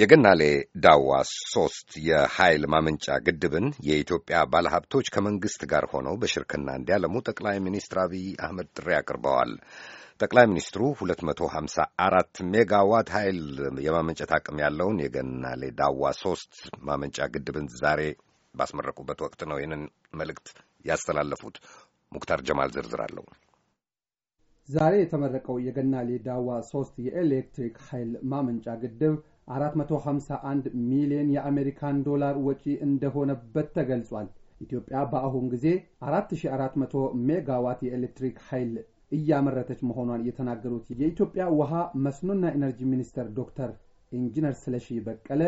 የገናሌ ዳዋ ሶስት የኃይል ማመንጫ ግድብን የኢትዮጵያ ባለሀብቶች ከመንግሥት ጋር ሆነው በሽርክና እንዲያለሙ ጠቅላይ ሚኒስትር አብይ አህመድ ጥሪ አቅርበዋል። ጠቅላይ ሚኒስትሩ 254 ሜጋዋት ኃይል የማመንጨት አቅም ያለውን የገናሌ ዳዋ ሶስት ማመንጫ ግድብን ዛሬ ባስመረቁበት ወቅት ነው ይህንን መልእክት ያስተላለፉት። ሙክታር ጀማል ዝርዝር አለው። ዛሬ የተመረቀው የገናሌ ዳዋ ሶስት የኤሌክትሪክ ኃይል ማመንጫ ግድብ 451 ሚሊዮን የአሜሪካን ዶላር ወጪ እንደሆነበት ተገልጿል። ኢትዮጵያ በአሁን ጊዜ 4400 ሜጋዋት የኤሌክትሪክ ኃይል እያመረተች መሆኗን የተናገሩት የኢትዮጵያ ውሃ መስኖና ኤነርጂ ሚኒስትር ዶክተር ኢንጂነር ስለሺ በቀለ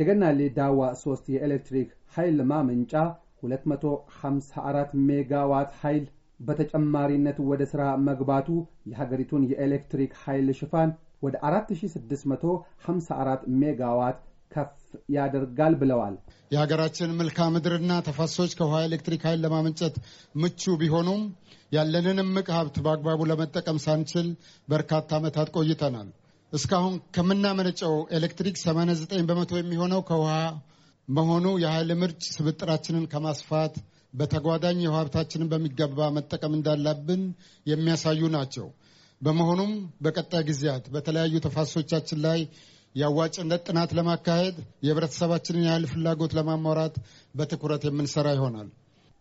የገናሌ ዳዋ 3 የኤሌክትሪክ ኃይል ማመንጫ 254 ሜጋዋት ኃይል በተጨማሪነት ወደ ሥራ መግባቱ የሀገሪቱን የኤሌክትሪክ ኃይል ሽፋን ወደ 4654 ሜጋዋት ከፍ ያደርጋል ብለዋል። የሀገራችን መልክዓ ምድርና ተፋሶች ከውሃ ኤሌክትሪክ ኃይል ለማመንጨት ምቹ ቢሆኑም ያለንን እምቅ ሀብት በአግባቡ ለመጠቀም ሳንችል በርካታ ዓመታት ቆይተናል። እስካሁን ከምናመነጨው ኤሌክትሪክ 89 በመቶ የሚሆነው ከውሃ መሆኑ የኃይል ምርጭ ስብጥራችንን ከማስፋት በተጓዳኝ የውሃ ሀብታችንን በሚገባ መጠቀም እንዳለብን የሚያሳዩ ናቸው። በመሆኑም በቀጣይ ጊዜያት በተለያዩ ተፋሰሶቻችን ላይ የአዋጭነት ጥናት ለማካሄድ የህብረተሰባችንን የኃይል ፍላጎት ለማሟራት በትኩረት የምንሰራ ይሆናል።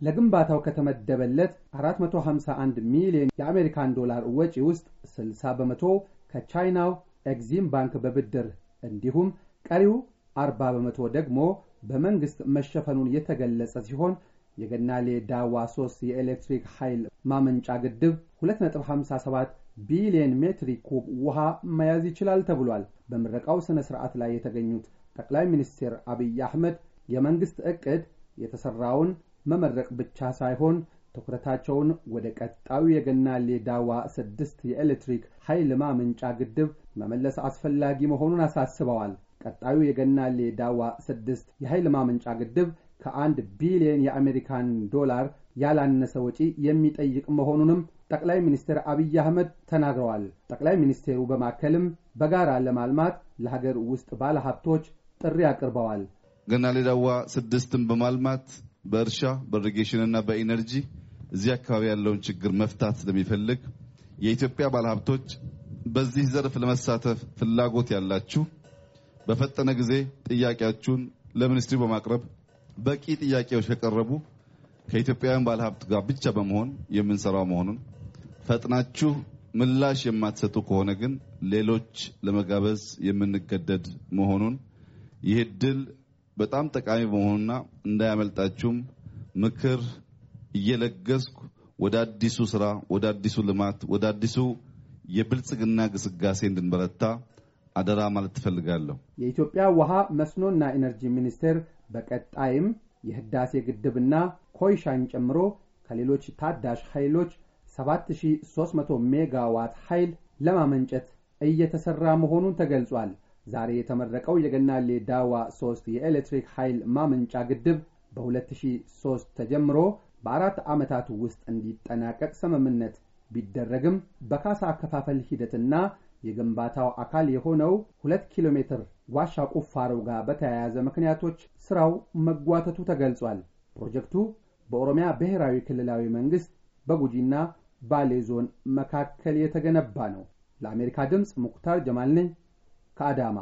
ለግንባታው ከተመደበለት 451 ሚሊዮን የአሜሪካን ዶላር ወጪ ውስጥ 60 በመቶ ከቻይናው ኤግዚም ባንክ በብድር እንዲሁም ቀሪው 40 በመቶ ደግሞ በመንግሥት መሸፈኑን የተገለጸ ሲሆን የገናሌ ዳዋ 3 የኤሌክትሪክ ኃይል ማመንጫ ግድብ 257 ቢሊየን ሜትሪ ኩብ ውሃ መያዝ ይችላል ተብሏል። በምረቃው ሥነ ሥርዓት ላይ የተገኙት ጠቅላይ ሚኒስትር አብይ አሕመድ የመንግሥት ዕቅድ የተሠራውን መመረቅ ብቻ ሳይሆን ትኩረታቸውን ወደ ቀጣዩ የገናሌ ዳዋ ስድስት የኤሌክትሪክ ኃይል ማመንጫ ግድብ መመለስ አስፈላጊ መሆኑን አሳስበዋል። ቀጣዩ የገናሌ ዳዋ ስድስት የኃይል ማመንጫ ግድብ ከአንድ ቢሊየን የአሜሪካን ዶላር ያላነሰ ወጪ የሚጠይቅ መሆኑንም ጠቅላይ ሚኒስትር አብይ አህመድ ተናግረዋል። ጠቅላይ ሚኒስቴሩ በማከልም በጋራ ለማልማት ለሀገር ውስጥ ባለ ሀብቶች ጥሪ አቅርበዋል። ገና ሌዳዋ ስድስትን በማልማት በእርሻ በኢሪጌሽንና በኢነርጂ እዚህ አካባቢ ያለውን ችግር መፍታት ስለሚፈልግ የኢትዮጵያ ባለሀብቶች በዚህ ዘርፍ ለመሳተፍ ፍላጎት ያላችሁ በፈጠነ ጊዜ ጥያቄያችሁን ለሚኒስትሩ በማቅረብ በቂ ጥያቄዎች ከቀረቡ ከኢትዮጵያውያን ባለሀብት ጋር ብቻ በመሆን የምንሰራው መሆኑን ፈጥናችሁ ምላሽ የማትሰጡ ከሆነ ግን ሌሎች ለመጋበዝ የምንገደድ መሆኑን ይህ እድል በጣም ጠቃሚ በመሆኑና እንዳያመልጣችሁም ምክር እየለገስኩ ወደ አዲሱ ስራ፣ ወደ አዲሱ ልማት፣ ወደ አዲሱ የብልጽግና ግስጋሴ እንድንበረታ አደራ ማለት ትፈልጋለሁ። የኢትዮጵያ ውሃ መስኖና ኢነርጂ ሚኒስቴር በቀጣይም የህዳሴ ግድብና ኮይሻን ጨምሮ ከሌሎች ታዳሽ ኃይሎች 7300 ሜጋዋት ኃይል ለማመንጨት እየተሰራ መሆኑን ተገልጿል። ዛሬ የተመረቀው የገናሌ ዳዋ 3 የኤሌክትሪክ ኃይል ማመንጫ ግድብ በ2003 ተጀምሮ በአራት ዓመታት ውስጥ እንዲጠናቀቅ ስምምነት ቢደረግም በካሳ አከፋፈል ሂደትና የግንባታው አካል የሆነው ሁለት ኪሎ ሜትር ዋሻ ቁፋሮ ጋር በተያያዘ ምክንያቶች ስራው መጓተቱ ተገልጿል። ፕሮጀክቱ በኦሮሚያ ብሔራዊ ክልላዊ መንግሥት በጉጂና ባሌ ዞን መካከል የተገነባ ነው። ለአሜሪካ ድምፅ ሙክታር ጀማል ነኝ ከአዳማ።